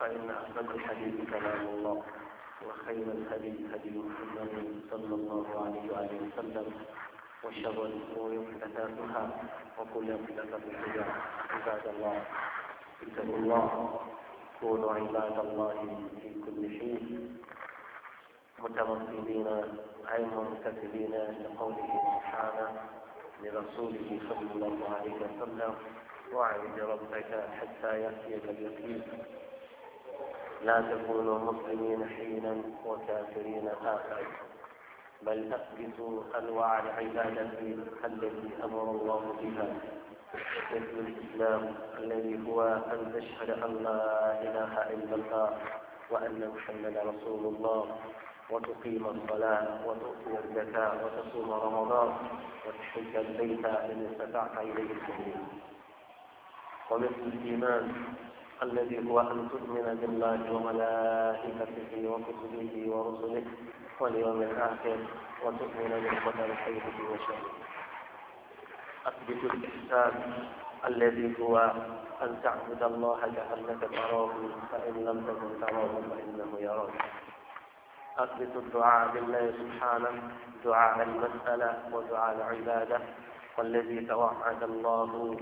فإن أحسن الحديث كلام الله وخير الحديث حديث محمد صلى الله عليه وآله وسلم وشر الأمور محدثاتها وكل محدثة بدعة عباد الله اتقوا الله كونوا عباد الله في كل شيء متمثلين أي ممتثلين لقوله سبحانه لرسوله صلى الله عليه وسلم واعبد ربك حتى يأتيك اليقين لا تكونوا مسلمين حينا وكافرين آخر بل أثبتوا أنواع العبادة التي أمر الله بها مثل الإسلام الذي هو أن تشهد أن لا إله إلا الله وأن محمدا رسول الله وتقيم الصلاة وتؤتي الزكاة وتصوم رمضان وتحج البيت إن استطعت إليه السبيل ومثل الإيمان الذي هو أن تؤمن بالله وملائكته وكتبه ورسله واليوم الآخر وتؤمن بالقدر خيره وشره أثبت الإحسان الذي هو أن تعبد الله كأنك تراه فإن لم تكن تراه فإنه يراك أثبت الدعاء بالله سبحانه دعاء المسألة ودعاء العبادة والذي توعد الله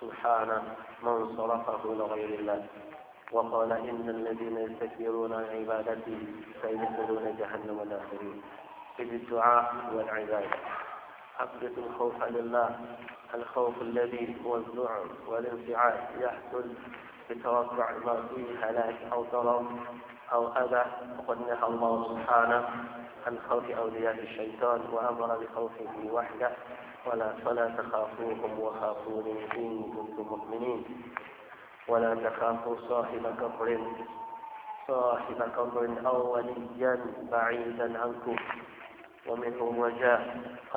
سبحانه من صرفه لغير الله وقال إن الذين يستكبرون عن عبادتي سيدخلون جهنم داخلين في الدعاء والعبادة أثبت الخوف لله الخوف الذي هو الذعر والانفعال يحصل بتوقع ما فيه هلاك أو ضرر أو أذى وقد نهى الله سبحانه عن خوف أولياء الشيطان وأمر بخوفه وحده ولا فلا تخافوهم وخافون إن كنتم مؤمنين ولا تخافوا صاحب قبر صاحب قبر أو وليا بعيدا عنكم ومنه الرجاء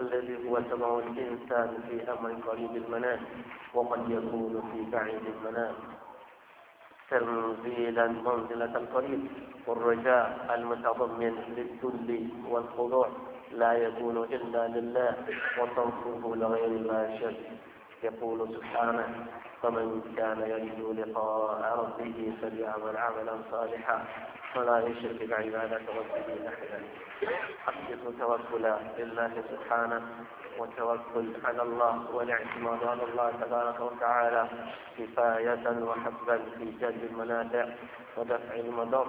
الذي هو سمع الإنسان في أمر قريب المنام وقد يكون في بعيد المنام تنزيلا منزلة القريب والرجاء المتضمن للذل والخضوع لا يكون إلا لله وصرفه لغير ما شك يقول سبحانه فمن كان يرجو لقاء ربه فليعمل عملا صالحا ولا يشرك بعبادة ربه أحدا حقق توكلا لله سبحانه والتوكل على الله والاعتماد على الله تبارك وتعالى كفاية وحبا في جلب المنافع ودفع المضر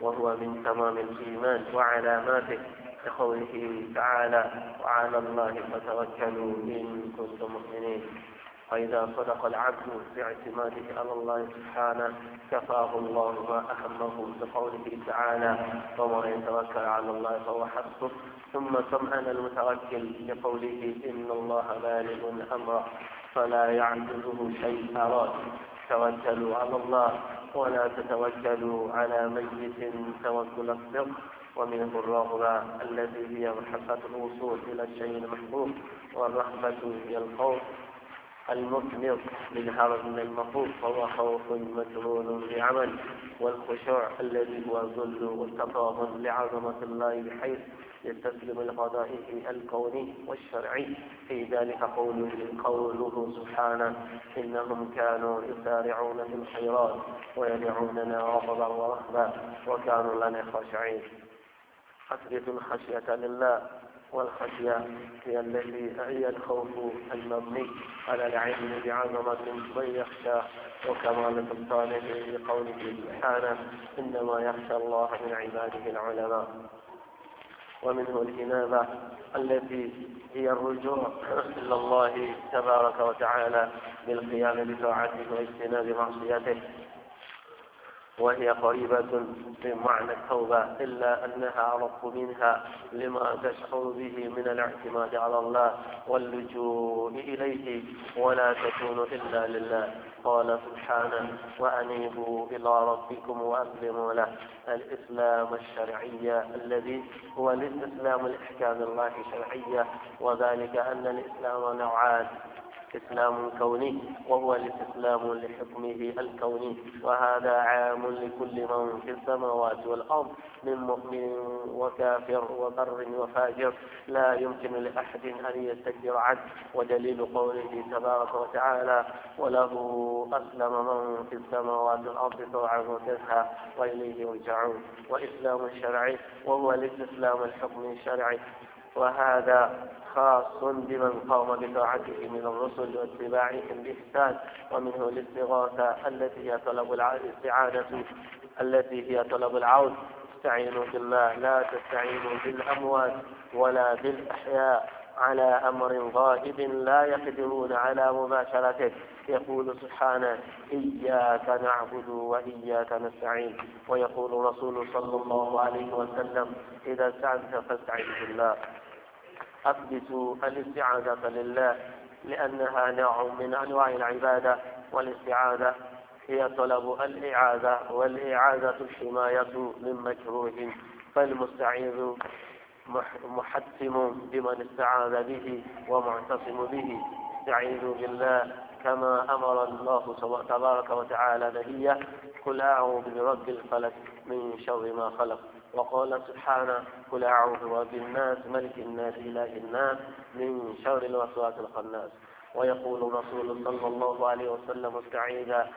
وهو من تمام الإيمان وعلاماته لقوله تعالى وعلى الله فتوكلوا إن كنتم مؤمنين وإذا صدق العبد باعتماده على الله سبحانه كفاه الله ما أهمه بقوله تعالى ومن يتوكل على الله فهو حسبه ثم سمعنا المتوكل بقوله إن الله بالغ أمره فلا يعجزه شيء أراد توكلوا على الله ولا تتوكلوا على ميت توكل الصدق ومنه الرغبة الذي هي محبة الوصول إلى الشيء المحبوب والرهبة هي الخوف المثمر من من المخوف فهو خوف مجرور بعمل والخشوع الذي هو الذل والتفاضل لعظمة الله بحيث يستسلم لقضائه الكوني والشرعي في ذلك قوله, قوله سبحانه إنهم كانوا يسارعون في الخيرات ويدعوننا رفضا ورهبا وكانوا لنا خاشعين أثبت الخشية لله والخشية هي التي هي الخوف المبني على العلم بعظمة من يخشى وكمال سلطانه لقوله سبحانه إنما يخشى الله من عباده العلماء ومنه الإنابة التي هي الرجوع إلى الله تبارك وتعالى بالقيام بطاعته واجتناب معصيته وهي قريبة من معنى التوبة إلا أنها أرق منها لما تشعر به من الاعتماد على الله واللجوء إليه ولا تكون إلا لله قال سبحانه وأنيبوا إلى ربكم وأسلموا له الإسلام الشرعي الذي هو للإسلام الإحكام الله شرعية وذلك أن الإسلام نوعان استسلام كوني وهو الاستسلام لحكمه الكوني وهذا عام لكل من في السماوات والأرض من مؤمن وكافر وبر وفاجر لا يمكن لأحد أن يستكبر عنه ودليل قوله تبارك وتعالى وله أسلم من في السماوات والأرض طوعا وكرها وإليه يرجعون وإسلام شرعي وهو الاستسلام الحكم الشرعي وهذا خاص بمن قام بطاعته من الرسل واتباعهم بإحسان ومنه الاستغاثة التي هي طلب الاستعانة التي هي طلب العون استعينوا بالله لا تستعينوا بالأموات ولا بالأحياء على أمر غائب لا يقدرون على مباشرته يقول سبحانه إياك نعبد وإياك نستعين ويقول رسول صلى الله عليه وسلم إذا استعنت فاستعن بالله أثبتوا الاستعاذة لله لأنها نوع من أنواع العبادة والاستعاذة هي طلب الإعاذة والإعاذة الحماية من مكروه فالمستعيذ محتم بمن استعاذ به ومعتصم به استعيذوا بالله كما أمر الله تبارك وتعالى نبيه قل أعوذ برب الفلك من شر ما خلق وقال سبحانه قل أعوذ برب الناس ملك الناس إله الناس من شر الوسواس الخناس ويقول رسول صلى الله عليه وسلم استعيذا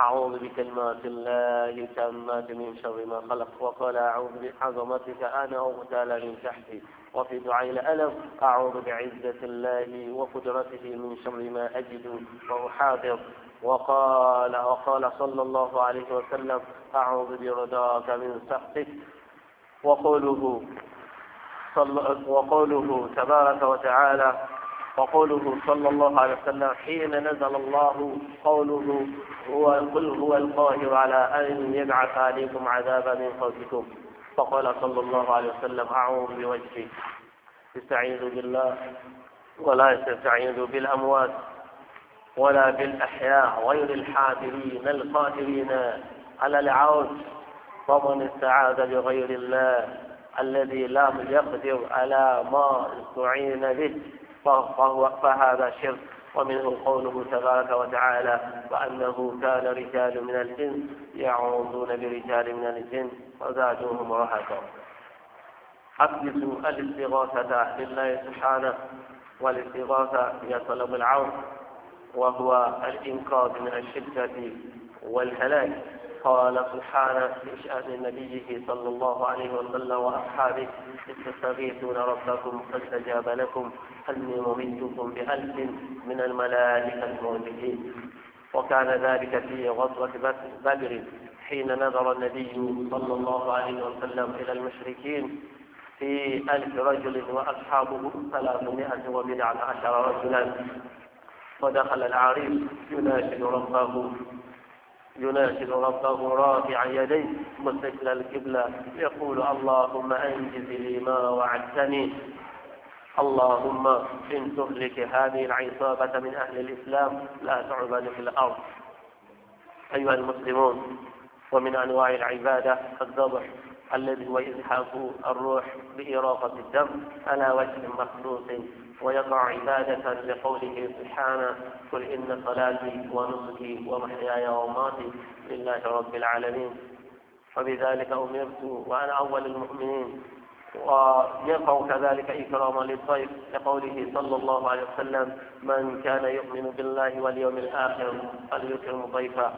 أعوذ بكلمات الله تامات من شر ما خلق وقال أعوذ بعظمتك أنا أغتال من تحتي وفي دعاء الألم أعوذ بعزة الله وقدرته من شر ما أجد وأحاذر وقال وقال صلى الله عليه وسلم أعوذ برضاك من سخطك وقوله صل... وقوله تبارك وتعالى وقوله صلى الله عليه وسلم حين نزل الله قوله هو قل هو القاهر على أن يبعث عليكم عذابا من فوقكم فقال صلى الله عليه وسلم أعوذ بوجهي استعيذ بالله ولا تستعيذ بالأموات ولا بالأحياء غير الحاذرين القادرين على العود فمن استعاذ بغير الله الذي لم يقدر على ما استعين به فهو فهذا شرك ومنه قوله تبارك وتعالى وأنه كان رجال من الجن يعوذون برجال من الجن وزادوهم رهقا حدثوا الاستغاثة لله سبحانه والاستغاثة هي طلب العون وهو الإنقاذ من الشدة والهلاك قال سبحانه في شأن نبيه صلى الله عليه وسلم وأصحابه إذ ربكم فاستجاب لكم أني ممدكم بألف من الملائكة المؤمنين وكان ذلك في غزوة بدر حين نظر النبي صلى الله عليه وسلم إلى المشركين في ألف رجل وأصحابه ثلاثمائة وبضعة عشر رجلا ودخل العريس يناشد ربه يناشد ربه رافعا يديه مستقبل القبلة يقول اللهم أنجز لي ما وعدتني اللهم إن تهلك هذه العصابة من أهل الإسلام لا تعبد في الأرض أيها المسلمون ومن أنواع العبادة الذبح الذي هو إزحاق الروح بإراقة الدم على وجه مخلوق ويقع عبادة لقوله سبحانه قل إن صلاتي ونصكي ومحياي وماتي لله رب العالمين فبذلك أمرت وأنا أول المؤمنين ويقع كذلك إكراما للضيف لقوله صلى الله عليه وسلم من كان يؤمن بالله واليوم الآخر فليكرم ضيفا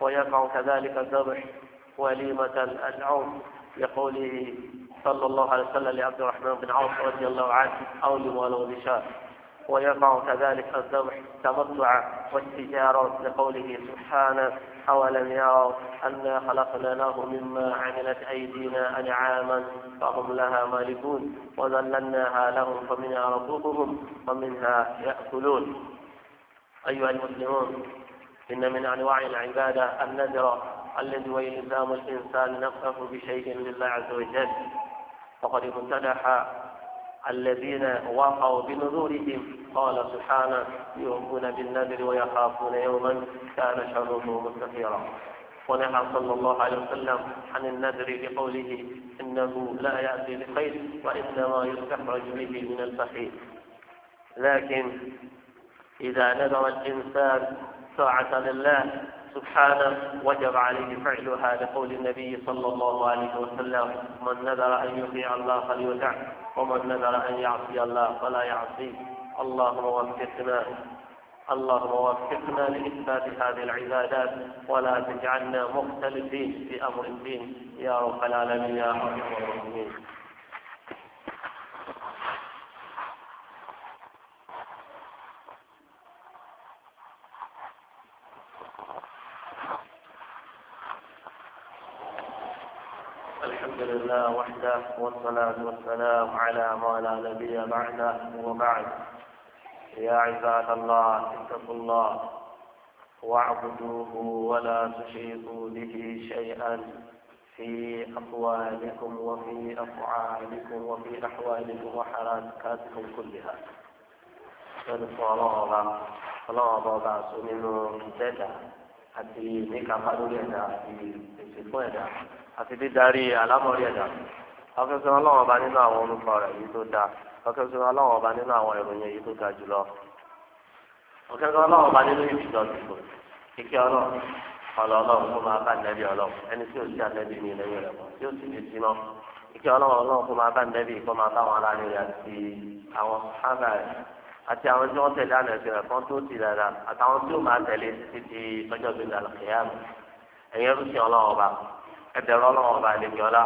ويقع كذلك الذبح وليمة العرس لقوله صلى الله عليه وسلم لعبد الرحمن بن عوف رضي الله عنه أو لولو بشار ويرفع كذلك الذبح تمتعا والتجارة لقوله سبحانه أولم يروا أنا خلقنا له مما عملت أيدينا أنعاما فهم لها مالكون وذللناها لهم فمنها ركوبهم ومنها يأكلون أيها المسلمون إن من أنواع العبادة النذر الذي ويلزام الإنسان نفسه بشيء لله عز وجل فقد امتدح الذين وقعوا بنذورهم قال سبحانه يؤمنون بالنذر ويخافون يوما كان شره مستثيرا ونهى صلى الله عليه وسلم عن النذر بقوله انه لا ياتي بخير وانما يستخرج به من البخيل لكن اذا نذر الانسان طاعه لله سبحانه وجب عليه فعلها لقول النبي صلى الله عليه وسلم من نذر أن يطيع الله فليطع ومن نذر أن يعصي الله فلا يعصيه اللهم وفقنا اللهم وفقنا لإثبات هذه العبادات ولا تجعلنا مختلفين في أمر الدين يا رب العالمين يا رب العالمين الله وحده والصلاة والسلام على ما لا نبي بعده وبعد يا عباد الله اتقوا الله واعبدوه ولا تشركوا به شيئا في أقوالكم وفي أفعالكم وفي أحوالكم وحركاتكم كلها ẹnìkan ọlọ́run ọba ọlọ́run ọba ọba àṣọ nínú في àti àti dídarí àlámọ̀rí ẹ̀dá afẹ́fẹ́ ọlọ́run ọba nínú àwọn orúkọ rẹ̀ yìí tó dáa afẹ́fẹ́ ọlọ́run ọba nínú àwọn ìròyìn yìí tó ga jùlọ ọ̀kẹ́kẹ́ ọlọ́run ọba nínú ìbìjọ dìbò kíkẹ́ ọlọ́run ọlọ́ ọlọ́run kó máa bá nẹ́bí ọlọ́run ẹni tí yóò sí ànẹ́bí ní ilẹ̀ rẹ̀ mọ́ yóò sì lè sí náà kíkẹ́ ọlọ́run ọlọ́run kó máa bá nẹ́bí kó máa bá wọn aláàrin rẹ̀ àti àwọn sábà rẹ̀ àti àwọn tí wọ́n tẹ̀lé ànẹ́bí rẹ̀ kan tó ti dára àtàwọn tí ó máa tẹ̀lé títí ọjọ́ gbẹ̀dẹ̀ àlùkẹ́yàmù ẹ̀yẹ́rú sí ọlọ́run ọba ẹ̀dẹ̀rọ̀ ọlọ́wọ́n bá lè jọlá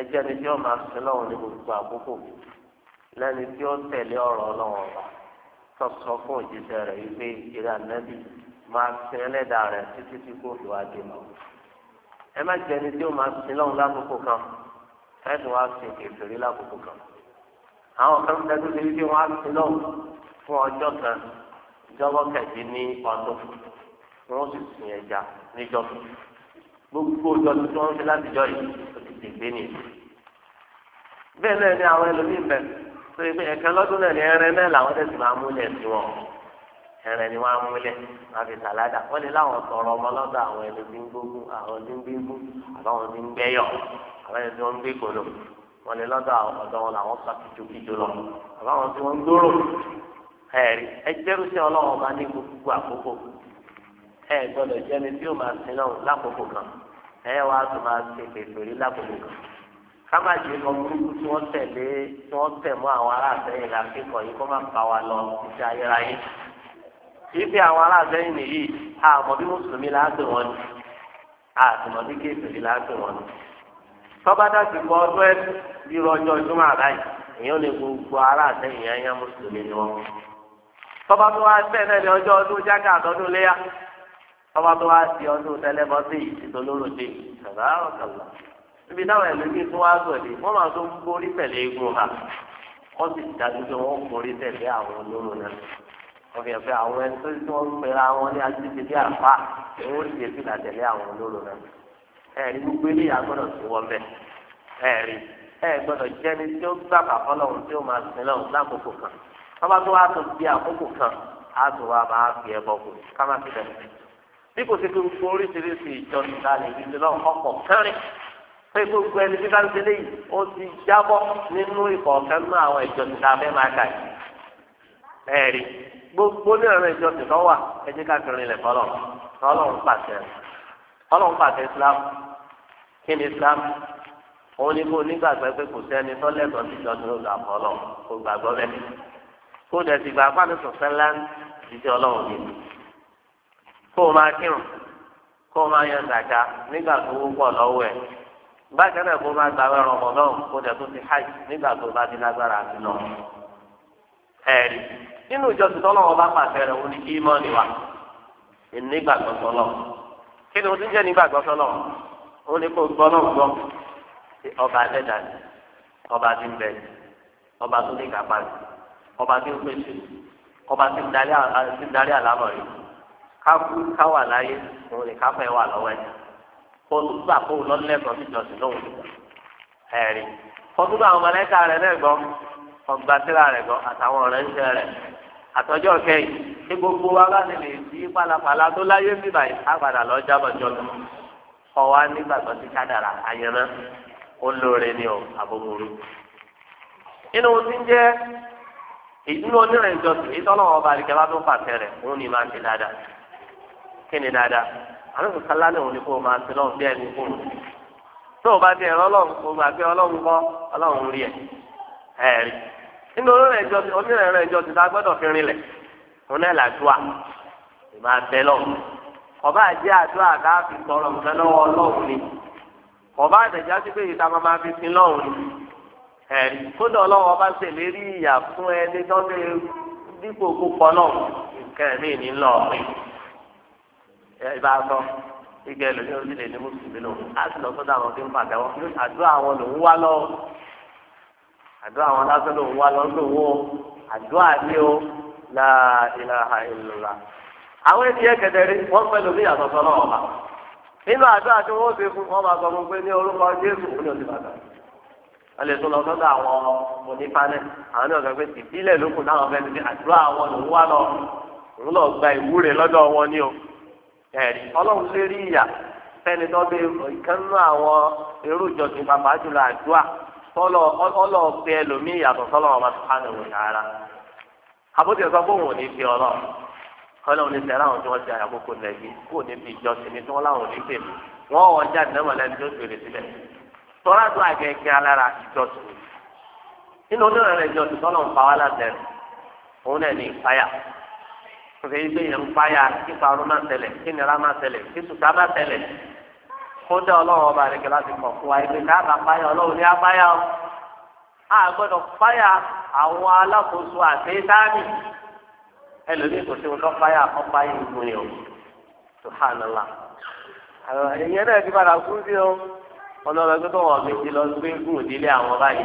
ẹjẹ́ ni tí ó máa fi ní gbogbo àkókò lẹ́ni tí ó tẹ̀lé ọ̀rọ̀ ọlọ́wọ́n bá tó sọ fún òjíṣẹ́ rẹ̀ wípé ìrẹ́ ànábì máa fi ẹlẹ́dàá rẹ̀ títí tí kò fi wá dé lọ. ẹ má jẹ́ ni tí ó máa fi lákòókò kan ẹ̀dùn wá fi kèfèrí lákòókò kan. àwọn kan ń tẹ́tí sí wípé wọ́n á fi fún ọjọ́ kan ìjọ́bọ̀ kẹ̀sí ní ọdún wọ́n sì sìn ẹja níjọ́ tuntun gbogbo ọjọ́ tí wọ́n ń fi láti jọ yìí ó ti tètè ní. bẹ́ẹ̀ náà ni àwọn ẹlòmíín bẹ̀ tó pé ẹ̀kan lọ́dún náà ni ẹran náà làwọn tẹ̀sí máa múlẹ̀ sí wọn ẹran ni wọ́n á múlẹ̀ máa fi sàládà wọ́n lè láwọn sọ̀rọ̀ ọmọ lọ́dọ̀ àwọn ẹlòmíín gbógun àwọn ẹlòmíín àbáwọn ti ń gbẹ́yọ̀ àwọn ẹni tí wọ́n ń gbé kòló wọ́n lè lọ́dọ̀ ọ̀dọ̀ wọn làwọn sọ kìjokìjo lọ àbáwọn tí wọ́n ń gbòòrò ẹ̀rí ẹ gbọ́dọ̀ jẹ́ni tí ó máa sin náà lákòókò kan ẹ wá tó máa ṣe pèpèrè lákòókò kan kábàjẹ́ kan burúkú tí wọ́n tẹ̀lé tí wọ́n tẹ̀ mọ́ àwọn aráàtẹ̀yìn làkẹ́kọ̀ọ́ yìí kó má pa wa lọ iṣẹ́ ayérayé ìfi àwọn aláàtẹ̀yìn nìyí àmọ́ bí mùsùlùmí láàtò wọn ni àtìmọ́ bí kéèpèrè láàtò wọn ni tọ́ba dàsí kọ́ ọdún ẹ̀ bí rọjò ìdúmọ̀ àbáyé èèyàn lè gbogbo aráàtẹ̀yìn yẹn yẹn mùsùlùmí ni wọn tọ́ba wá bẹ́ẹ̀ náà ní ọjọ́ ọdún jákè àtọ́dún léyà tọ́ba tó wá di ọdún tẹlẹmọtì ìtòlóròdì ṣàbá ọ̀kàlà níbi táwọn ẹlòmíín tó wá gbọ̀dẹ̀ wọ́n máa tó ń borí tẹ̀lé egun ha wọ́n sì dájú pé wọ́n borí tẹ̀lé àwọn olóró náà wọ́n fi hàn pé àwọn ẹni tó ti wọ́n pera wọn ní adídé bí àpá owó ti fi là tẹ̀lé àwọn olóró náà ẹ̀rí gbogbo eléyà gbọ́dọ̀ sí wọn bẹ́ẹ̀ ẹ̀rí ẹ̀ gbọ́dọ̀ jẹ́ni tí ó gbàgbà fọlọ́run tí ó máa sin lọ́run lákòókò kan tọ́ba tó wá tó di àkókò kan á tó wá máa fi ẹbọ kù ká má fi bẹ̀rẹ̀ bí kò sí pé gbogbo oríṣiríṣi ìjọni ta lè fi lọ́wọ́ ọkọ̀ kẹrin pé gbogbo ẹni tí bá ń ṣe léyìí ó ti jábọ́ nínú ìkọ̀ọ̀kẹ́ nínú àwọn ìjọni ta fẹ́ máa kà yìí ẹ̀rí gbogbo ní ọ̀rọ̀ ìjọsìn tó wà ẹjẹ́ káàkiri ilẹ̀ fọlọ́ ọlọ́run pàṣẹ ọlọ́run pàṣẹ islam kí ni islam òun ni kó nígbàgbọ́ pé kò sẹ́ni tó lẹ́tọ̀ọ́ sí ìjọsìn olùdó àfọlọ́ kò gbàgbọ́ bẹ́ẹ̀ kó dẹ̀ sì gbà kó o máa kírun kó o máa yan zaka nígbà tó wó pọ̀ lọ́wọ́ ẹ̀ bákan náà kó o máa gba àwọn ẹran náà kó o dẹ̀ tó ti hajj nígbà tó o bá ti lágbára àti lọ. ẹ̀rí nínú wọn bá pàṣẹ wa kí ni o ti jẹ́ ní kó gbọ́ náà gbọ́ ọba ọba ti ọba tó ní ọba ń ọba ń káfú káwà láyé òun ní káfẹ́ wà lọ́wọ́ ẹ̀ kóòtù gbà kó o lọ́lẹ́gbọ̀n sí ìjọsìn lóhùn ẹ̀rí kóòtù gbà àwọn mọ̀lẹ́ka rẹ̀ náà gbọ́ rẹ̀ gbọ́ àtàwọn ọ̀rẹ́ ń ṣe rẹ̀ àtọ́jọ́ kẹ́yìn ní gbogbo wa bá ti lè fi pálapàla tó láyé mi báyìí àgbàdà lọ jábọ̀ jọ̀dọ̀ ọwọ́ nígbàgbọ́ sí kádàrà àyẹ̀mẹ́ olóore ni ọ àbòmòrò inú ti ń jẹ́ ìdúró onírìnjọ́sìn ìtọ́lọ́wọ́ ọba àdìgẹ́ bá tó pàṣẹ rẹ̀ òun ni máa ń dáadáa. kí ni dáadáa àwọn sọ̀tà lánàá òní kó o máa ti lọ́hùn bí ẹni tó o bá ti ẹ̀rọ ọlọ́run kó o gbà pé ọlọ́run kọ́ ọlọ́run rí ẹ̀ ẹ̀ nínú onírẹ̀ ẹjọ́ ti onírẹ̀ ti ta gbọ́dọ̀ fi rinlẹ̀ náà làdúà ìmọ̀ ọba ká fi tọrọ nǹkan lọ́wọ́ ọlọ́run ni ọba pé ìbá atọ igi ẹlòmíì ó sì lè ní mùsùlùmí lò á lọ sọ́dọ̀ àwọn tí ń pàtẹ́wọ́ àdúrà àwọn lòún wá lọ àdúrà àwọn lásán lòún wá lọ àdúrà ní o la ilaha Awọn àwọn ènìyàn kẹtẹrí wọn pẹ̀lú bí yàtọ̀ sọlọ ọba nínú àdúrà tí wọn ti fún wọn sọ fún pé ní orúkọ Jésù ó ní bàtà wọn lè tún lọ àwọn àwọn ní ẹ̀rí ọlọ́run lè rí ìyà fẹ́ni tó bẹ ìkànnú àwọn irú ìjọsìn pàpà jùlọ àdúrà ọlọ́ bẹ ẹlòmíì yàtọ̀ sọ́lọ́ ọmọ sùpánù wò sára àbótí ẹ̀sọ́ fún òun ò ní fi ọlọ́ ọlọ́run ní sẹ́ra àwọn tí wọ́n ti àyàkókò lẹ́bí kò ní fi ìjọsìn ní tí wọ́n láwọn ò ní pè mí wọ́n wọ́n jáde náà mọ̀lẹ́ni tó fèrè sílẹ̀ tọ́lá tó àgẹ́gẹ́ alára ìjọsìn nínú onírẹ̀lẹ̀ ìjọsìn tọ́lọ̀ ń pa wá látẹ̀rẹ̀ òun náà ní ìpáyà kòtẹ́ yìí pé yẹn ń fáyà kí parun máa tẹ̀lẹ̀ kí nira máa tẹ̀lẹ̀ kí sùtá máa tẹ̀lẹ̀ kódà ọlọ́run ọba rẹ̀ kẹlá ti kọ̀ fún wa ibi káàbà fáyà ọlọ́run ní afáyà o a gbọ́dọ̀ fáyà àwọn alákòóso àti sáàmì ẹlòmíì kò sí wọn lọ fáyà kọ́ fáyà ìgbò yẹn o subhanallah ìyẹn náà ti padà kú sí o ọlọ́run ẹgbẹ́ tó wọ̀ mí ti lọ gbé gùn nílé àwọn báyìí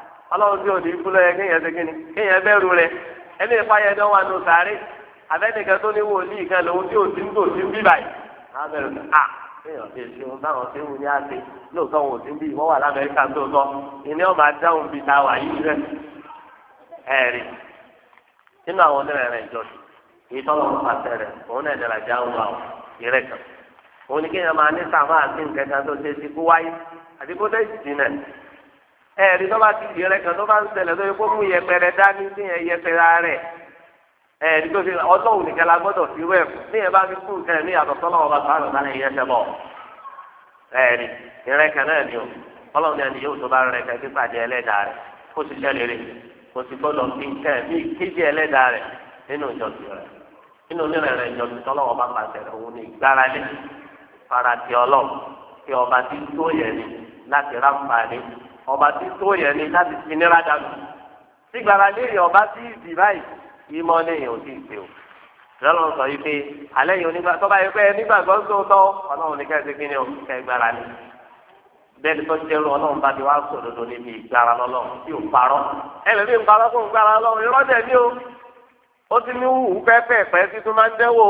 ọlọ́run tí ò ní lọ́yẹ kéèyàn ṣe kíni kéèyàn bẹ̀rù rẹ̀ ẹni ìpayẹ dán wà nù sàárè abẹ́nìkan tó ní wòlíì kan lòun tí ò ti ń bí báyìí lábẹ́rù rẹ̀ à kéèyàn ṣe ṣe ohun táwọn ṣe ń wù ní àṣẹ lóòótọ́ wọn ò bí ìwọ́n wà lámẹ́ríkà tó tọ́ ìní ọ̀ma dáhùn bíi ta wà yìí rẹ̀ ẹ̀rí nínú àwọn onírẹ̀rẹ̀ ìjọsìn ẹ̀rí tó bá ti di rẹ kan tó bá ń ṣẹlẹ̀ tó yẹ kó mú yẹpẹrẹ dání sí yẹn yẹpẹrẹ rẹ ẹ̀rí tó fi ọjọ́ òní kẹla gbọ́dọ̀ fi wẹ̀ ní yẹn fi kú ẹ̀ ní yàtọ̀ sọ́lá ọba tó àgbà náà ṣẹ bọ̀ ẹ̀rí ìrẹ kan náà ni o ọlọ́run ní ẹni yóò tó bá rẹ kan kí pàdé ẹlẹ́dàá rẹ kó sì ṣẹlẹ̀ rẹ kó sì gbọ́dọ̀ fi nǹkan bí kéjì ẹlẹ́dàá rẹ nínú ìjọsìn rẹ nínú onírẹ̀ rẹ ìjọsìn tọ́lọ́ ọba pàṣẹ rẹ òun ní ìgbára lé farati ọlọ́run kí ọba ti tó yẹ ni láti ráǹfààní ọba tí tó yẹn ni láti fi nira dànù sígbàrà léyìn ọba tí ìdì báyìí ìmọ̀ léyìn ò tí ì pé o lọ́lọ́ sọ yìí pé alẹ́ yìí onígbà tọ́ba yìí pé nígbàgbọ́ ń sòótọ́ ọlọ́run ní kẹ́sì kí ni o kẹgbàrà ni bẹ́ẹ̀ ni tó jẹ́rú ọlọ́run bá ti wá sòdodo níbi ìgbàrà lọ́lọ́run tí ò parọ́ ẹlẹ́bí ń parọ́ fún ìgbàrà lọ́run irọ́ dẹ̀ ní ó ti ní wù ú pẹ́pẹ́pẹ́ tí máa ń dẹ́wọ́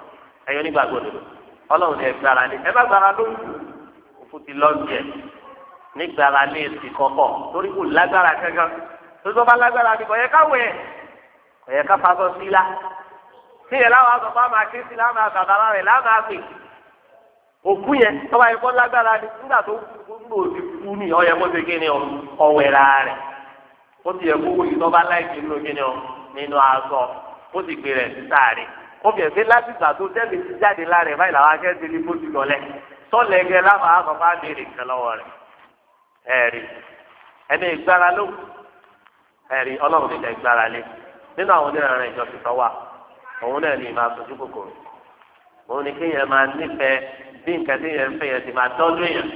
ẹ̀yọ́ nígbàgbọ́dọ̀ ọlọ́run ní ẹgbàrá ni ẹ bá gbàrá ló òfò ti lọ́ọ̀dì ẹ̀ nígbàrá ní èsì kọ̀kọ̀ torí kò lágbára kankan tó bá lágbára ni kọ̀yẹ́ káwọ̀ ẹ̀ kọ̀yẹ́ ká fasọ sí la tí yẹn láwọn àgbà bá máa ké sí láwọn àgbàdàrà rẹ̀ láwọn àgbè òkú yẹn tó bá yẹ kó lágbára ni nígbà tó gbogbo òsì kú ni ọyẹ kó ti kéde ọwẹ́ ra rẹ̀ ó ti yẹ kó wòye tó bá láì obìnrin pé láti ìgbà tó tẹ́lẹ̀ ti jáde lára ẹ̀ báyìí làwọn akẹ́kẹ́ ní bó ti lọlẹ̀ tọ́lẹ̀ gẹ láwọn akọ̀kọ́ àbẹ̀rẹ̀ nǹkan lọ́wọ́ rẹ̀ ẹ̀rí ẹni ìgbára ló ẹ̀rí ọlọ́run nílẹ̀ ìgbára lé nínú àwọn onírànà ìjọ ti sọ wa òun náà ní ìmọ̀ àtúntò kòkòrò òun ni kéèyàn máa nífẹ̀ẹ́ bí nǹkan tí yẹn ń fẹ́ yẹn ti máa tọ́jú èèyàn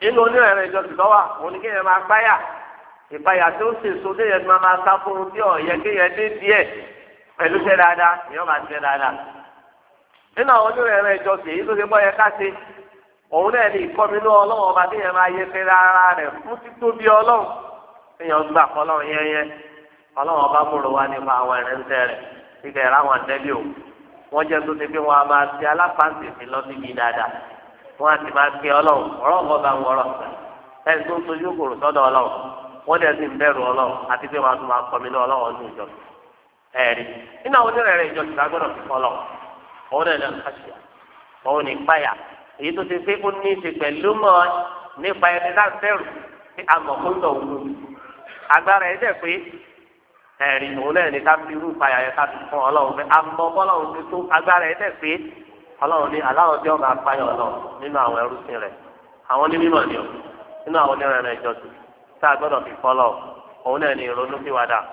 nínú onírànà ìjọ ti sọ wa òun ni kéèyàn máa páyà ìpayà tó ń sèso kéèyàn máa máa sá fún un bí ọ̀yẹ́ kéèyàn dé díẹ̀ pẹ̀lú ṣe dáadáa èèyàn máa ṣe dáadáa. nínú àwọn onírò ẹ̀rọ ìjọ sí èyí tó ṣe bọ́yẹ ká ṣe òun náà ní ìkọ́minú ọlọ́run ọba tí yẹn máa yẹ fẹ́ rárá rẹ̀ fún títóbi ọlọ́run èèyàn gbà kọ́ ọlọ́run yẹn yẹn ọlọ́run ọba múlò wá nípa àwọn ẹ̀rẹ́ ń tẹ́ rẹ̀ kíkẹ́ ẹ̀rọ àwọn àtẹ́bí o wọ́n jẹ́ tó ti pé wọn a máa ṣe alápáǹsì sí lọ síbi dáadáa wọ́n á ti máa pe ọlọ́run ọ̀rọ̀ ọba ń wọ̀rọ̀ ẹni tó ń sojú kòrò sọ́dọ̀ ọlọ́run wọ́n dẹ̀ sì ń bẹ̀rù ọlọ́run àti pé wọ́n á tún máa kọ́minú ọlọ́run ọdún ìjọba. ẹ̀rí nínú àwọn onírẹ̀ rẹ̀ ìjọ ìgbà gbọ́dọ̀ fi kọ́lọ̀ òun náà náà kàṣíà òun ní èyí tó ti pé ó ní í ṣe pẹ̀lú mọ́ nípa ẹni náà fẹ́rù òun agbára pé ẹ̀rí òun náà ní irú yẹn fún ọlọ́run pé bọ́lọ́run ti tó agbára ẹ̀ dẹ̀ pé ọlọ́run ní aláwọ̀ tí ọba apáyọ̀ lọ nínú àwọn ẹrúsìn rẹ̀ àwọn ní mímọ̀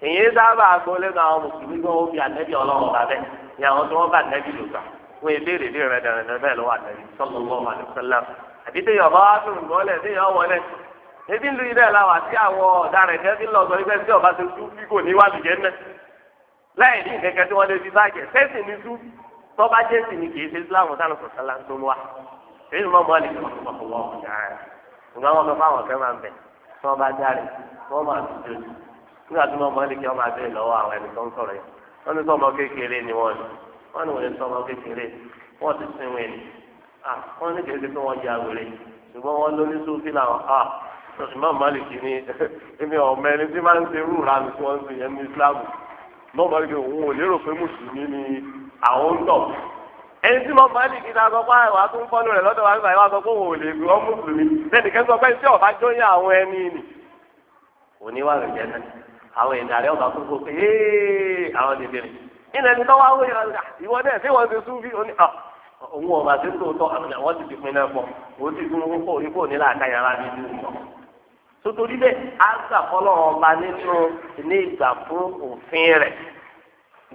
èyí sábà gbọ́lé náà àwọn mùsùlùmí wọn ó fi ànẹ́bí ọlọ́run lábẹ́ ní àwọn tí wọ́n bá ànẹ́bí lò gbà wọn ìbéèrè lè rẹ̀ bẹ́ẹ̀ lọ́wọ́ ànẹ́bí sallallahu alaihi wasallam àbí tẹ yọ̀bá wá fún ìmọ̀lẹ̀ tẹ wọlé ebi ń lu ibẹ̀ làwà sí àwọn ọ̀daràn tẹ́ fi lọ sọ ibẹ̀ tí ọba ṣe súnfì kò ní wà lùjẹ́ mẹ́ láì ní kẹ̀kẹ́ tí wọ́n lè nígbà tí mo mọ ẹni kí wọn máa bẹ lọ́wọ́ àwọn ẹni tó ń sọ̀rọ̀ yìí wọn ní sọmọ kékeré ni wọn ni wọn ní wọlé sọmọ kékeré wọn ti sin wọn ni wọn ní kékeré tó wọn jẹ àwòrè ṣùgbọ́n wọn ló sófin làwọn ah ìmọ̀ màlìkì ni èmi ọ̀mọ ẹni tí máa ń ṣe rúra mi tí wọ́n ń ṣe yẹn ní Islam mọ̀ màlìkì òun ò lérò pé mùsùlùmí ni àwọn ń tọ̀ ẹni tí mọ̀ màlìkì náà sọ pé àwọn atúnfọ́nù rẹ̀ lọ́dọ̀ wa ń sàyẹ̀wò sọ pé òun ò lè gbé wọn mùsùlùmí lẹ́nìkan sọ pé tí ọ̀bá jóyè àwọn ẹni nì òní wà lè jẹ́ náà àwọn èèyàn rẹ ọba kókó pé àwọn dèdè rẹ ilẹ̀ ní tọ́wọ́ àwọn èèyàn rẹ ìwọ náà ṣé wọ́n ti sún bí oní ah, òun ọba ti tó tọ́ àwọn àwọn ti ti pin náà pọ̀ òun ti dún owó orí kò ní láàka yàrá mi ní ìlú sotori bẹ́ẹ̀ á gbà ọba nínú ní ìgbà fún òfin rẹ̀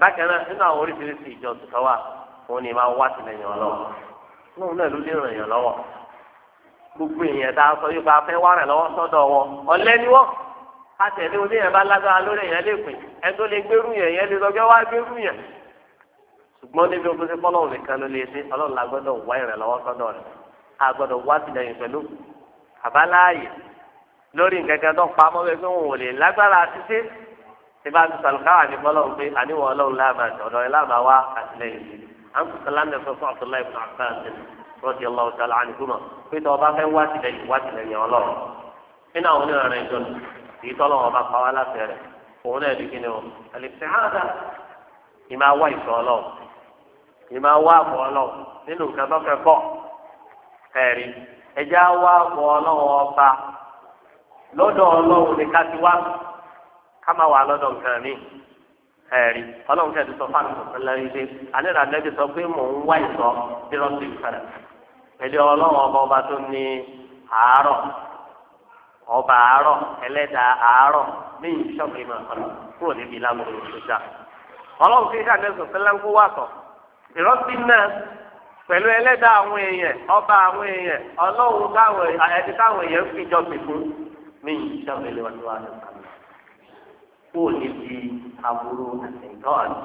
bákan náà nínú àwọn oríṣiríṣi ìjọ tuntun wa òun ni máa wá sílẹ̀ yàn lọ́wọ́ lóun náà ló lè ràn yàn lọ́wọ́ gbogbo kátẹ̀lé oníyẹn bá lágbára lórí yẹn lè pè ẹ tó lè gbérù yẹn yẹn lè lọ́jọ́ wá gbérù yẹn. ṣùgbọ́n níbi ogun sí fọlọ́run nìkan ló lè ṣe ọlọ́run la gbọ́dọ̀ wá ìrànlọ́wọ́ sọ́dọ̀ rẹ̀ a gbọ́dọ̀ wá tìlẹ̀yìn pẹ̀lú àbáláàyè lórí nǹkankan tó pa bẹ́ẹ̀ pé wọn ò lè lágbára títí tí bá ti sàlùkáwà ní fọlọ́run pé àníwọ̀ ọlọ́run láàmà èyí tọ́lọ́ wọn bá pa wá láti rẹ̀ òun náà di kíni o àlèkùsẹ̀ hàdà ni máa wá ìsọ̀ ọlọ́run ni máa wá àbọ̀ ọlọ́run nínú nǹkan tó fẹ́ kọ́ ẹ̀rí ẹ̀jẹ̀ á wá àbọ̀ ọlọ́run ọba lọ́dọ̀ ọlọ́run ni ká ti wá ká má wà lọ́dọ̀ nǹkan mi ẹ̀rí ọlọ́run kẹ́ẹ̀dù sọ fáànù tó fẹ́ lẹ́yìn dé àlẹ́rà lẹ́bi sọ pé mò ń wá ìsọ̀ bí lọ́sí ìfẹ́rẹ̀ ẹ̀dẹ̀ ọlọ́run ọba ọba tó ní àárọ̀ ọba àárọ̀ ẹlẹ́dàá àárọ̀ ní ìṣọ́kì máa kọ́ kúrò níbi lágbóró ìṣẹ́jà. ọlọ́run fi ṣàdé sọ̀tẹ́lá ń kó wàtọ̀ ìrọ́sí náà pẹ̀lú ẹlẹ́dàá àwọn èèyàn ọba àwọn èèyàn ọlọ́run káwọn ẹni káwọn èèyàn fi jọ pè fún ní ìṣọ́kì lè wà níwájú kúrò níbi aburú àtẹ̀yìntọ́ọ̀nù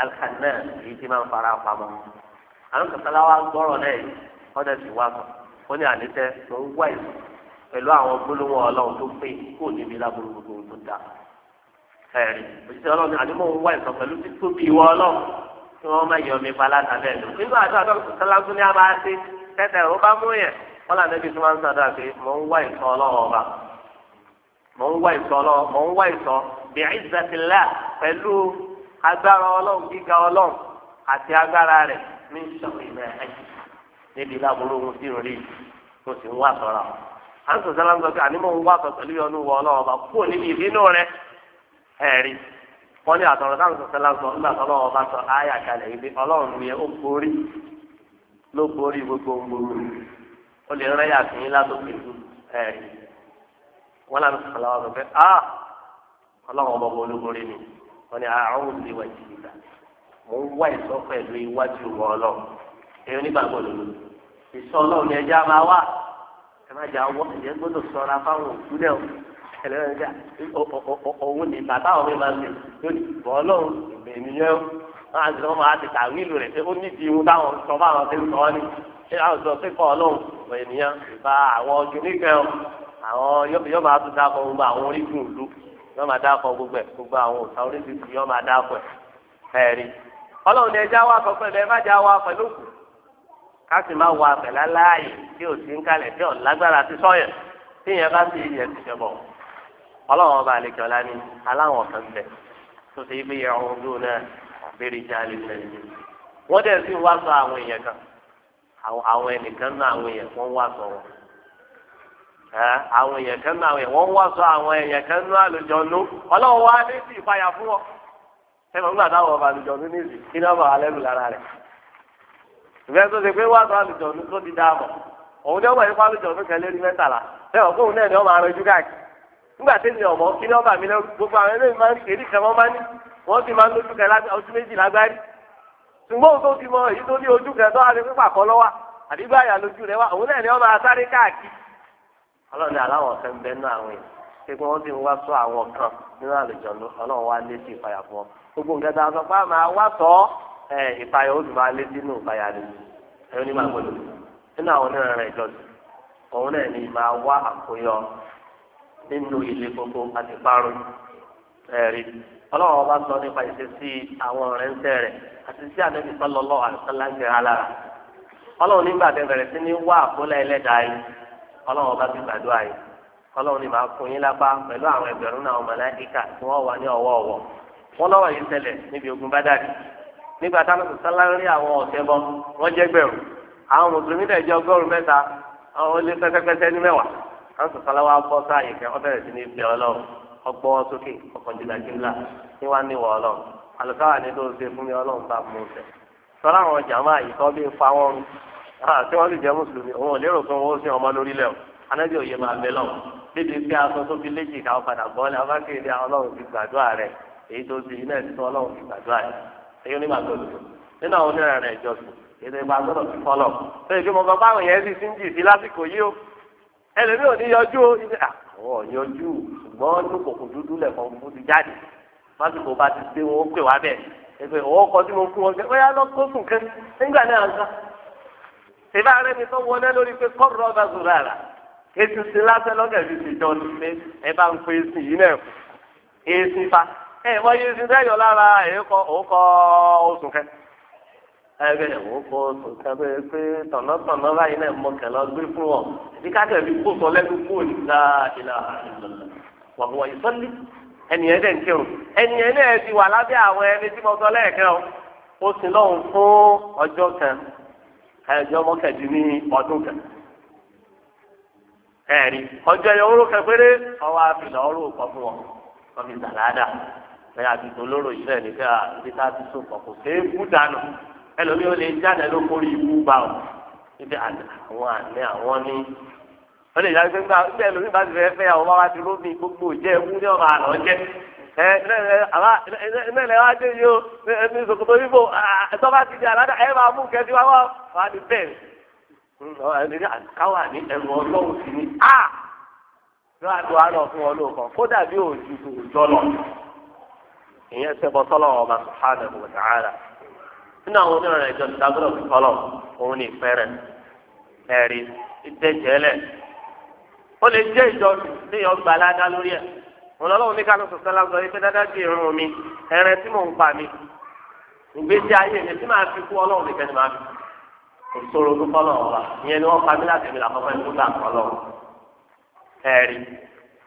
alkanna èyí tí máa fara pamọ́ àwọn kàtàlá wa gbọ́rọ̀ náà ọ̀dẹ̀ sì wá sọ ó ní àlẹ́ tẹ́ lọ́ wá pẹ̀lú àwọn gbólóhùn ọlọ́run tó pé kó níbi lábúrú gbogbo tó dá. ẹ̀rí òṣìṣẹ́ ọlọ́run ni àdúgbò ń wá ìtàn pẹ̀lú títóbi ìwọ ọlọ́run kí wọ́n má yọ mi balata bẹ́ẹ̀ lọ. nígbà tó àdó sálágú ní abá ṣe tẹ́tẹ̀ ó bá mú yẹn wọ́n là níbi tí wọ́n ń sọ̀dọ̀ pé mò ń wá ìtàn ọlọ́run ọba mò ń wá ìtàn ọlọ́run bí a sálá ń sọ pé àní ń wá pẹ̀lú yọnu wọ ọlọ́wọ́ kúrò níbi ìbínú rẹ ẹ̀rí wọ́n ní àtọ̀rọ̀ sọ nígbà tó sọ kalẹ̀ ibi ọlọ́run ni ó borí ló borí gbogbo gbogbo ó lè tó ẹ̀rí wọ́n sọ pé a ọlọ́wọ́ bọ̀ ni wọ́n ní àwọn òbí wà jì mò ń wá ìsọ pẹ̀lú iwájú ọlọ́run ẹ̀májà wọ́ ìyẹn gbọ́dọ̀ sọ̀rọ̀ afáwọn òkú náà ẹlẹ́rìndà òun ní bàbá òun mi máa ń lè lónìí bọ́ ọlọ́run ènìyàn wọn àti wọn máa ti tàwí ìlú rẹ̀ pé ó ní ti irun táwọn sọ fáwọn ti ń sọ ọ́ ní ṣé àwọn sọ pé kọ́ ọlọ́run ọ̀ ènìyàn ìfà àwọn ọjọ́ níkẹ́ ọ àwọn yóò máa tún dákọ̀ gbogbo àwọn orígun ìlú yóò máa dákọ̀ gbogbo ẹ̀ gbogbo àwọn òòtà oríṣiríṣi káàsì máa wọ abẹ́lá láàyè tí ò sí ń kalẹ̀ tí ò lágbára ti sọ́yẹ̀ tí ìyẹn bá sì yẹ ti jẹ bọ̀. ọba àlejò ọ̀la ni aláwọ̀ kan bẹ̀ tó ti gbé yẹn ọ̀hún dúró náà béèrè já lè fẹ́ẹ́ ní. wọ́n dẹ̀ sì wá sọ àwọn èèyàn kan àwọn ẹnìkan náà àwọn èèyàn wọ́n wá sọ wọn. àwọn èèyàn kan náà àwọn èèyàn wọ́n wá sọ àwọn èèyàn kan náà àlùjọ nú ọlọ́run wá ní sí ìpayà fún wọn. ẹ ìfẹ́ tó ṣe pé wàásù àlùjọ̀nù tó ti dá mọ̀ òun ní ọmọ yìí fún àlùjọ̀nù kẹlẹ́ rí mẹ́tàlá bẹ́ẹ̀ ọ̀gbọ́n náà ni ọmọ arẹjú káàkiri nígbà tí mi ọmọ kí ní ọba mi lẹ́rù gbogbo àwọn eléyìí máa ń kéde kan wọ́n máa ní wọ́n ti máa ń lójú kẹ ojú méjì lágbárí ṣùgbọ́n òun tó ti mọ èyí tó ni ọmọ asáré káàkiri aláwọ̀ a sọ pé ẹ ìpayà ó dùn máa lé sínú ìpayà rẹ ẹ ní máa gbọ́dọ̀ nínú àwọn onírànà rẹ jọ òun náà ní máa wá àkóyọ nínú ilé gbogbo àti parun ẹ̀rí ọlọ́run ọba sọ nípa ìṣesí àwọn ọ̀rẹ́ńtẹ́ rẹ̀ àti sí àdébí sọlọ́lọ́ àtúntàlá ń jẹrà nígbà tẹ bẹ̀rẹ̀ sí ní wá àkólẹ̀ ẹlẹ́dàá yìí ọlọ́run ọba ti gbàdúrà yìí ní máa fún yín lápá àwọn nígbà táwọn sọsọlá rí àwọn ọ̀sẹ̀ bọ wọ́n jẹ́ gbẹ̀rún àwọn mùsùlùmí dẹ̀ jẹ́ ọgọ́rùn mẹ́ta ó lé pẹ́pẹ́pẹ́sẹ́ ní mẹ́wàá àwọn sọsọlá wa bọ́ sáàyè kẹ́ ọ bẹ̀rẹ̀ sí ní ibi ọlọ́run ọgbọ́n sókè ọkàndínlájúmlá ní wàá níwọ̀ ọlọ́run àlùkáwà ní ló ṣe fún mi ọlọ́run bá mú un fẹ́ sọlá àwọn jàmá àyíkọ́ bí fa wọn rú àti wọn lè jẹ́ mùsùlùmí òun ò lérò pé wọn ó sin ọmọ lórílẹ̀ o anájọ òye máa bẹ lọ́wọ́ bíbi pé aṣọ tó fi léjì káwọn padà bọ́ ọ́ ní abákéde ọlọ́run ti gbàdúrà rẹ̀ èyí tó ti iná ẹ̀ tó ti gbàdúrà rẹ̀ èyí onímọ̀ àtọ́jú nínú àwọn onírà rẹ̀ ìjọsìn ètò ìgbà gbọ́dọ̀ ti fọlọ̀ ṣé ìgbìmọ̀ kan báwọn yẹn ti sí ń jì sí lásìkò yìí o ẹlẹ́mi ò ní yọjú o ìdí àwọn yọjú ṣùgbọ́n ní kòkò dúdú lẹ̀kọ́ fún ti jáde lásìkò bá ti dé wọn ó pè wá bẹ́ẹ̀ ẹgbẹ́ ọwọ́ kan mo fún wọn kẹ́ ó yá lọ kó sùn kẹ́ nígbà náà nǹkan ìbá rẹ mi tó wọlé lórí pé kọ́rọ̀ ọba zòrò àrà ètùsí lásán lọ́gẹ̀ẹ́ fi ṣèjọ́ ní pé ẹ bá ń pe èsì yìí náà èsì fa ẹ wọ́n yé sin sẹ́yọ̀ lára èékọ́ oṣù kẹ. ẹgbẹ́ òkọ́ oṣù kẹ pé tọ̀nàtọ̀nà báyìí náà mọ kẹlẹ́ gbé fún ọ ní kákẹ́ fi kó sọ lẹ́nu kó ní wàhùwà ń kírun ti wà lábẹ́ àwọn ẹni tí mo sọ lẹ́ẹ̀kẹ́ o ó sì lọ́hùn fún ọjọ́ kan ẹjọ́ ọdún kan ẹ̀rí ọjọ́ ọwọ́ àfìlà ọ ẹ̀yà àtìtò lóró yìí rẹ̀ nígbà tí ká ti so pọ̀ kò sí ikú dànù ẹlòmíì ó lè jáde ló kórè ikú bá o níbi àwọn àní àwọn ní. wọ́n lè yára pé nígbà tí ẹlòmíì bá ti fẹ́ fẹ́ àwọn bá wá ti rómi gbogbo jẹ́ ewu ní ọ̀rọ̀ àná jẹ́ ẹ nílẹ̀ wá dé yìí o ẹni sòkòtò yìí bò ẹ̀tọ́ bá ti di àládà ẹ máa mú kẹ́sí wá wá wá hmm, ní bẹ́ẹ̀ káwà ní ẹ̀rù ọlọ́run sí ni a lọ́wọ́ àdó àlọ́ fún ọlọ́kan ìyẹn ṣẹbọ sọlọ ọba subhanahu wa ta'ala nínú àwọn onírànlẹ ìjọ ìdágbọràn fi kọlọ òun ní ìfẹrẹ ẹrí ìdẹjẹlẹ ó lè jẹ ìjọ níyàn gbà ládá lórí ẹ ọlọ́run ní kánú sọ̀tọ́ lágbọ́ yìí pé dáadáa di irun mi ẹran tí mò ń pa mi ìgbésí ayé mi tí màá fi kú ọlọ́run nìkan ni màá fi kò sóró tó kọ́ lọ́wọ́ ìyẹn ni wọ́n pa mí láti mi làkọ́kọ́ ikú gbà kọ́ lọ́wọ́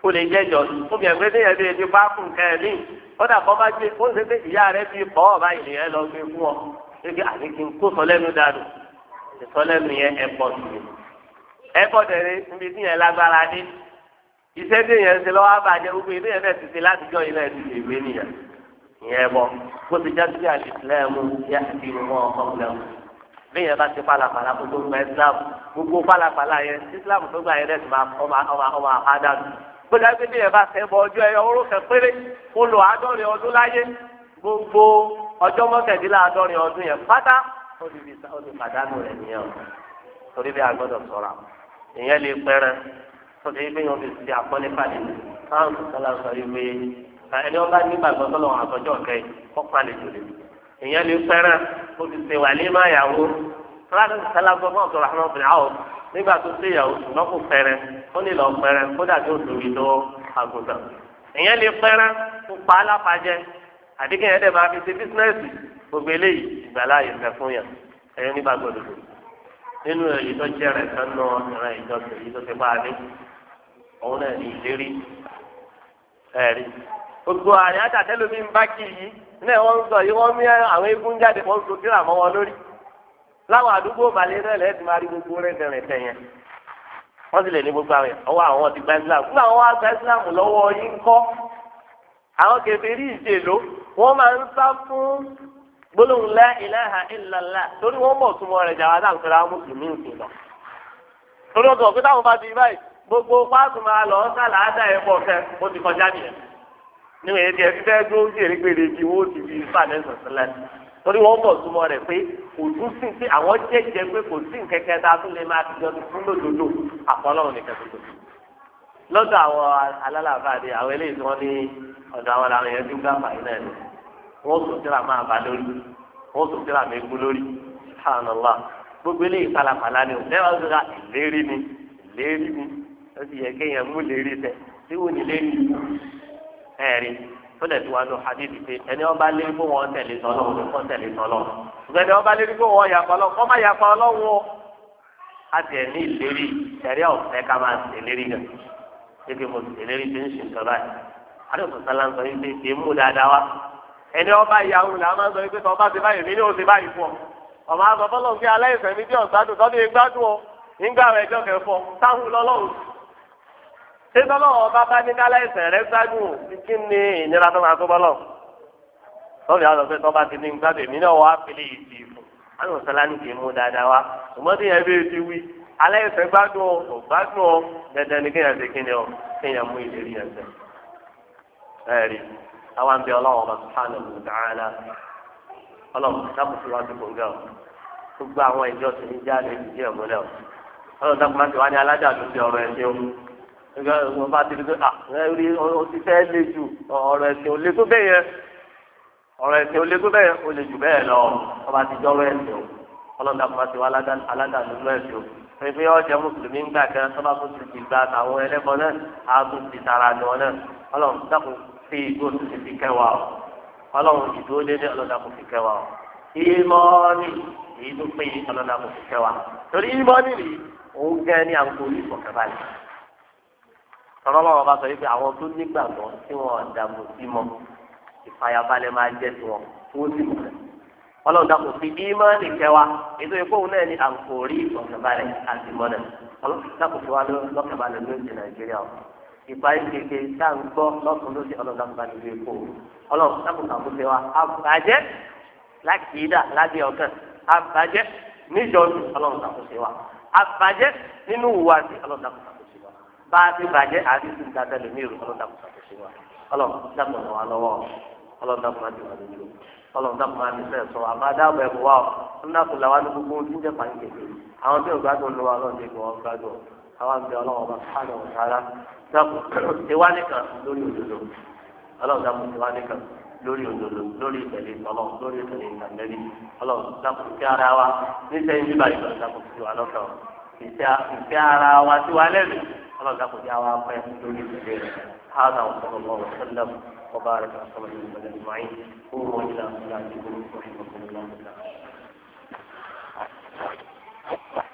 ó lè jẹ́jọ́ ó bí ẹgbẹ́ kódà kọ́ bá gbé fún ṣẹ́fẹ́ ìyá rẹ fi pọ̀ ọ̀bá ìlẹ̀yẹ lọ gbé fún ọ ṣẹ́fẹ́ àti kí n kó sọlẹ́nu dànù ìsọlẹ́nu yẹn ẹ̀pọ̀ sí ẹ̀pọ̀ tẹ̀lé níbi tí yẹn lágbára dé iṣẹ́ tí yẹn ń ṣe lọ́wọ́ àbàjẹ́ gbogbo ilé yẹn ti ṣe látijọ́ ilé ẹ̀ ti ṣe ìwé nìyẹn ìyẹn bọ̀ kó ti jáde bí àlìsílẹ́mù yá ti Islam gbogbo pàlàpàlà yẹn Islam tó gbà yẹn gbọ́dọ̀ pé bí ẹ bá fẹ́ bọ ọjọ́ ẹyọ oró kan péré kó lò àádọ́rin ọdún láyé gbogbo ọjọ́ mọ́kàndínláàádọ́rin ọdún yẹn pátá ó ti pàdánù rẹ̀ nìyẹn o torí bí a gbọ́dọ̀ sọ̀rọ̀ ìyẹn lè pẹ́rẹ́ tó ti gbé yẹn fi ti àpọ́nlé pàdé táwọn sọ̀tọ́lá sọ ìwé ẹni ọba nígbàgbọ́ sọ́lọ́ àtọ́jọ́ ọ̀kẹ́ kọ́ palẹ̀ jòlè ìyẹn lè pẹ́rẹ́ ó ti ṣe wà ní máyàwó tó nígbà tó ṣe ìyàwó ṣùgbọ́n kò pẹrẹ ó lè lọ pẹrẹ kódà tó tóbi tó àgùntàn ìyẹn lè pẹrẹ kó pa á lápajẹ àdéhùn yẹn dẹ̀ máa fi ṣe bísínẹ́sì gbogbo eléyìí ìgbàláyè ń bẹ fún yàn ẹ̀yọ́ nígbà gbọdọ̀ nínú èyí tó jẹ́ rẹ̀ kan nọ ìran ìjọsìn èyí tó ti bá a dé òun náà ní ìlérí ẹ̀rí gbogbo àyájà tẹ́lómi ń bá kì yìí náà wọ́n sọ yìí wọ́n mú àwọn eégún jáde wọ́n so kíra láwọn àdúgbò màlẹ́rẹ́ lẹ́ẹ̀tì máa rí gbogbo rẹ̀ tẹ̀rẹ̀ tẹ̀yẹn wọ́n sì lè ní gbogbo àwọn ọwọ́ àwọn ti gba islam fún àwọn wa gba islam lọ́wọ́ yín kọ́ àwọn kèfèrí ìjèló wọ́n máa ń sá fún gbólóhùn la ilaha illallah torí wọ́n mọ̀ túmọ̀ rẹ̀ jàwá dáhùn pẹ̀lú àwọn mùsùlùmí òsè lọ. torí ọ̀sán pé táwọn bá ti báyìí gbogbo fáàtù máa lọ sálà ádá ẹ̀ pọ̀ fẹ́ ó ti kọjá nìyẹn. níwèé tiẹ̀ fífẹ́ dúró torí wọn bọ̀ súnmọ́ rẹ̀ pé kò tún sí pé àwọn jẹ́jẹ́ pé kò sí nkẹ́kẹ́ tá a tún lè máa tijọ́ fún lòdòdó àfọlọ́run nìkan tuntun lọ́dọ̀ àwọn alálàfáàdé àwọn eléyìí tí wọ́n ní ọ̀dọ̀ àwọn làwọn yẹn ti ń gbàgbà yìí náà ni wọ́n sùn síra máa bá lórí wọ́n sùn síra máa gbó lórí sànàlá gbogbo eléyìí pàlàpàlà ni òun lẹ́wọ̀n sọ́ra ah, ìlérí ni ìlérí ni ó sì yẹ kéèyàn mú lérí tẹ tí ní lérí ẹ̀rí tó lè fi wá hadithi pé ẹni wọn bá lé kó wọn tẹ̀lé tọ́lọ́ wọn tẹ̀lé tọ́lọ́ ṣùgbọ́n ẹni wọn bá lé kó wọn yà pa kọ́ má yà ọlọ́wọ́ a tẹ̀ ní ìlérí ẹ̀rí ọ̀fẹ́ ká máa tẹ̀lérí rẹ̀ ṣébi mo tẹ̀lérí tó ń ṣe nǹkan báyìí àdéhùn sọ́lá ń sọ yín pé kì í mú dáadáa wá ẹni máa ń sọ yín pé ti báyìí ní òsè báyìí ṣé tọ́lọ́wọ́ ọba bá ní kálá ẹ̀sẹ̀ rẹ ṣáájú kí ni ìnira tó máa tó bọ́lọ̀ tọ́lù yà lọ pé tọ́ba ti ní gbàgbé mi náà wàá fi lè yìí fún àwọn sọlá ní kì í mú dáadáa wá ṣùgbọ́n tí yẹn bí ti wí alẹ́ ẹ̀sẹ̀ gbádùn ọ kò gbádùn ọ dandan ni kéèyàn ṣe kí ni ọ kéèyàn mú ìlérí ẹ̀sẹ̀ ẹ̀rí àwọn àbí ọlọ́wọ́ ọba sùpánù ọ̀dàrà ọlọ́wọ́ dábùsù wá sí gbòǹgà gbogbo àwọn ìjọ ìgbà wọn bá ti di pé à ah, rí o ti fẹ́ le jù ọ̀rọ̀ ẹ̀sìn ò le tó bẹ́ẹ̀ yẹn ọ̀rọ̀ ẹ̀sìn ò le tó bẹ́ẹ̀ o lè jù bẹ́ẹ̀ lọ wọn bá ti jọ ọ̀rọ̀ ẹ̀sìn o ọlọ́dà kó bá ti wá aládàá nínú ẹ̀sìn o pé pé ọ̀jẹ̀ mùsùlùmí ń gbà kan tó bá tún ti ti gba àwọn ẹlẹ́bọ náà á tún ti tara nù ọ náà ọlọ́run dàkún fi igbó tún ti fi kẹwàá o ọlọ́run ìdúró tọ́lọ́wọ́ bá sọ yìí pé àwọn tó nígbàgbọ́ tí wọ́n dàgbò sí mọ́ ìfàyàbalẹ̀ máa jẹ́ tiwọn tó sì mọ̀ ọlọ́run dàpọ̀ fi ímánì kẹwa ètò ìkóhùn náà ni àǹkórí ọ̀kẹ́balẹ̀ àti mọ́nà ọlọ́run dàpọ̀ fi wá lọ́kẹ́balẹ̀ lóde nàìjíríà ìgbà ìkeke tá à ń gbọ́ lọ́sùn lóde ọlọ́run dàpọ̀ balẹ̀ lóde kó ọlọ́run dàpọ̀ sàkóso wa àbàjẹ́ lákìídà lábẹ́ ọ̀kàn àbàjẹ́ níjọ́sìn ọlọ́run dàpọ̀ sí wa àbàjẹ́ nínú ìwà sí ọlọ́run dàpọ̀ bá a ti bàjẹ́ àti ti da tẹ̀lé mi rò ọlọ́dà kò sàkó sí wa ọlọ́dà dàpọ̀ náà wà lọ́wọ́ ọlọ́dà kò má ti wà lójú ọlọ́dà kò má ti fẹ́ sọ wa má dáàbò ẹ̀ bọ̀ wá ọ ọlọ́dà kò làwọn ní gbogbo ohun tí ń jẹ́ pàǹkì àwọn tí ò gbádùn lọ́wọ́ ọlọ́dà kò wọ́n gbádùn àwọn àgbẹ̀ ọlọ́wọ́ bá sáré wọn sára dàpọ̀ tiwa nìkan lórí òdodo ọlọ́dà kò lórí ìtẹ̀lé tọ́lọ́ lórí ìtẹ̀lé ìtàlẹ́lì ọlọ́run dákun sí ara wa níṣẹ́ yín bíbá ìgbà dákun sí wa lọ́kàn ìfẹ́ ara wa sí wa lẹ́nu الله kò jẹ́ àwọn afẹ́ lórí ìdílé هذا وصلى الله وسلم وبارك على محمد اجمعين قوموا الى صلاتكم رحمكم الله تعالى